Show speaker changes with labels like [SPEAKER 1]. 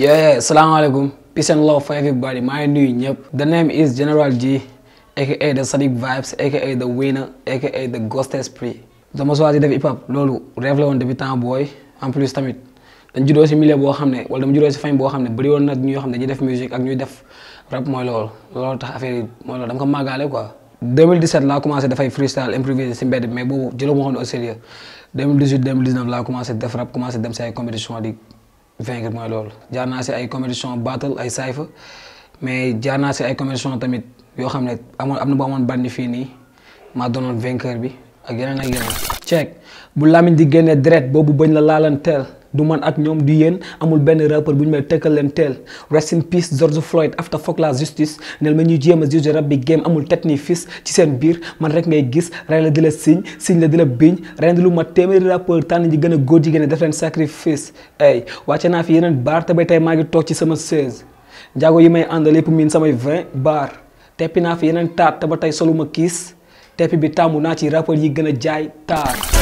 [SPEAKER 1] yeah salaamaaleykum peace and love for everybody maa ngi nuyu ñëpp the name is General G aka the Sadiq Vibes aka the winner aka the ghost esprit dama choisi def hip hop loolu rêve la woon depuis temps booy en plus tamit dañ si milieu boo xam ne wala dama juddoo si famille boo xam ne bëri woon na ñoo xam ne dañuy def musique ak ko màggaale quoi 2017 laa commencé dafay si mbedd mais boobu jëloo moo xam ne au laa commencé def dem si ay compétition vaincre mooy loolu jaar naa si ay compétition battle ay sayfa mais jaar naa si ay compétition tamit yoo xam ne amoon am na boo amoon bandi fii nii maa doonoon vainqueur bi ak yeneen ak yeneen. ceek bu lamiñ di génnee deret boobu bëñ la teel du man ak ñom du yeen amul ben rapper buñu ñu may tëkkal leen teel rest in peace George Floyd after fuck la justice nel ma ñu jema a juge rabbi game amul tetni fils ci sen bir man rek ngay gis rey la di la siñ siñ la di la biñ rend lu ma téeméeri rapper tan ñi gëna goor ji gëna def len sacrifice ay wacce na fi yeneen bar ta bay tay ma ngi tok ci sama 16 jago yi may àndal yëpp min sama 20 bar teppi naa fi yeneen taat te ba tey soluma kiss tepi bi tàmmu naa ci rapper yi gëna jaay taar